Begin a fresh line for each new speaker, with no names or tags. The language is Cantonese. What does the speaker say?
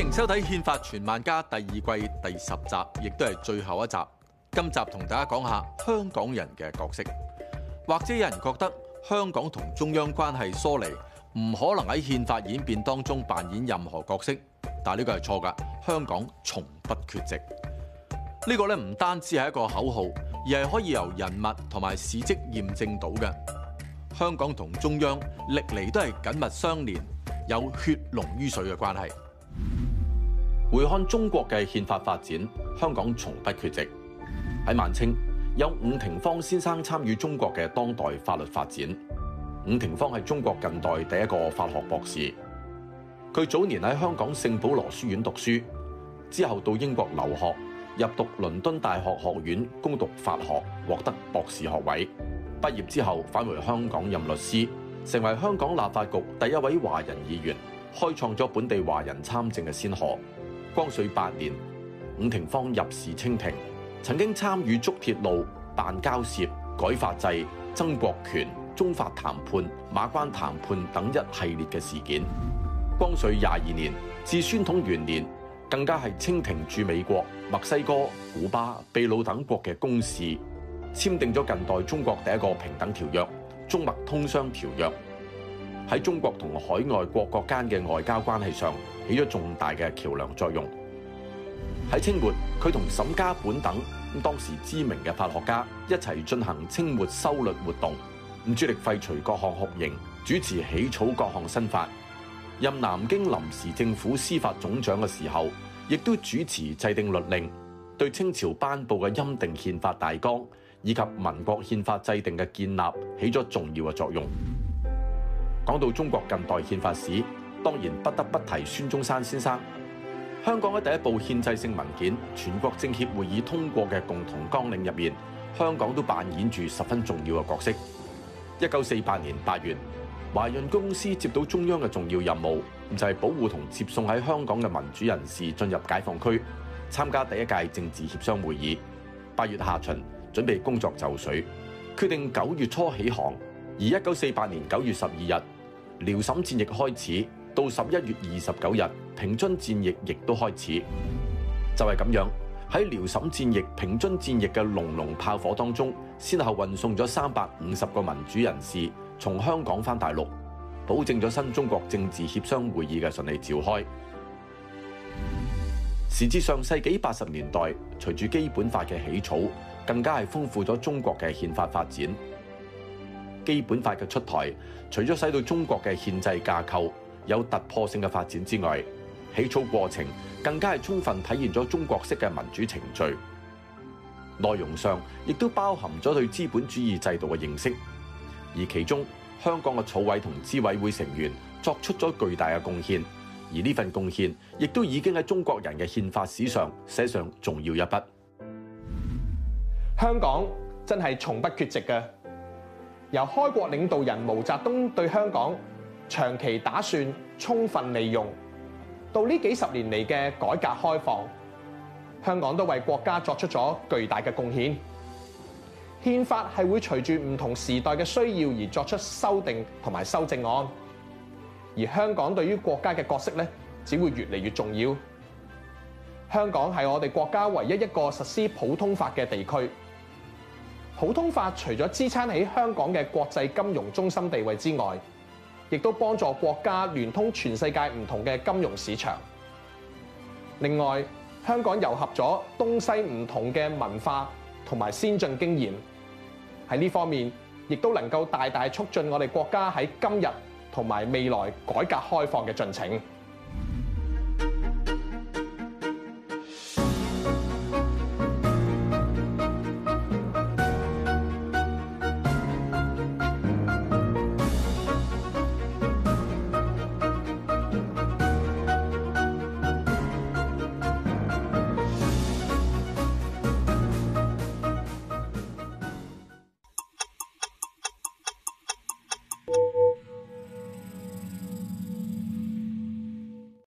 歡迎收睇《憲法傳萬家》第二季第十集，亦都係最後一集。今集同大家講下香港人嘅角色。或者有人覺得香港同中央關係疏離，唔可能喺憲法演變當中扮演任何角色。但係呢個係錯噶，香港從不缺席。呢、呢個咧唔單止係一個口號，而係可以由人物同埋事蹟驗證到嘅。香港同中央歷嚟都係緊密相連，有血濃於水嘅關係。回看中國嘅憲法發展，香港從不缺席。喺晚清，有伍廷芳先生參與中國嘅當代法律發展。伍廷芳係中國近代第一個法學博士。佢早年喺香港聖保羅書院讀書，之後到英國留學，入讀倫敦大學學院攻讀法學，獲得博士學位。畢業之後返回香港任律師，成為香港立法局第一位華人議員，開創咗本地華人參政嘅先河。光緒八年，伍廷芳入仕清廷，曾經參與築鐵路、辦交涉、改法制、增國權、中法談判、馬關談判等一系列嘅事件。光緒廿二年至宣統元年，更加係清廷駐美國、墨西哥、古巴、秘魯等國嘅公使，簽訂咗近代中國第一個平等條約——中墨通商條約。喺中國同海外各國間嘅外交關係上起咗重大嘅橋梁作用。喺清末，佢同沈家本等當當時知名嘅法學家一齊進行清末修律活動，咁主力廢除各項酷刑，主持起草各項新法。任南京臨時政府司法總長嘅時候，亦都主持制定律令，對清朝頒布嘅《欽定憲法大綱》以及民國憲法制定嘅建立起咗重要嘅作用。講到中國近代憲法史，當然不得不提孫中山先生。香港嘅第一部憲制性文件《全國政協會議通過嘅共同綱領》入面，香港都扮演住十分重要嘅角色。一九四八年八月，華潤公司接到中央嘅重要任務，就係、是、保護同接送喺香港嘅民主人士進入解放區，參加第一屆政治協商會議，八月下旬，準備工作就緒，決定九月初起航。而一九四八年九月十二日，遼瀋戰役開始，到十一月二十九日，平津戰役亦都開始。就係咁樣，喺遼瀋戰役、平津戰役嘅隆隆炮火當中，先後運送咗三百五十個民主人士從香港返大陸，保證咗新中國政治協商會議嘅順利召開。時至上世紀八十年代，隨住基本法嘅起草，更加係豐富咗中國嘅憲法發展。基本法嘅出台，除咗使到中國嘅憲制架構有突破性嘅發展之外，起草過程更加係充分體現咗中國式嘅民主程序。內容上亦都包含咗對資本主義制度嘅認識，而其中香港嘅草委同諮委會成員作出咗巨大嘅貢獻，而呢份貢獻亦都已經喺中國人嘅憲法史上寫上重要一筆。香港真係從
不缺席嘅。由開國領導人毛澤東對香港「長期打算，充分利用」，到呢幾十年嚟嘅改革開放，香港都為國家作出咗巨大嘅貢獻。憲法係會隨住唔同時代嘅需要而作出修訂同埋修正案，而香港對於國家嘅角色咧，只會越嚟越重要。香港係我哋國家唯一一個實施普通法嘅地區。普通法除咗支撐喺香港嘅國際金融中心地位之外，亦都幫助國家聯通全世界唔同嘅金融市場。另外，香港糅合咗東西唔同嘅文化同埋先進經驗，喺呢方面亦都能夠大大促進我哋國家喺今日同埋未來改革開放嘅進程。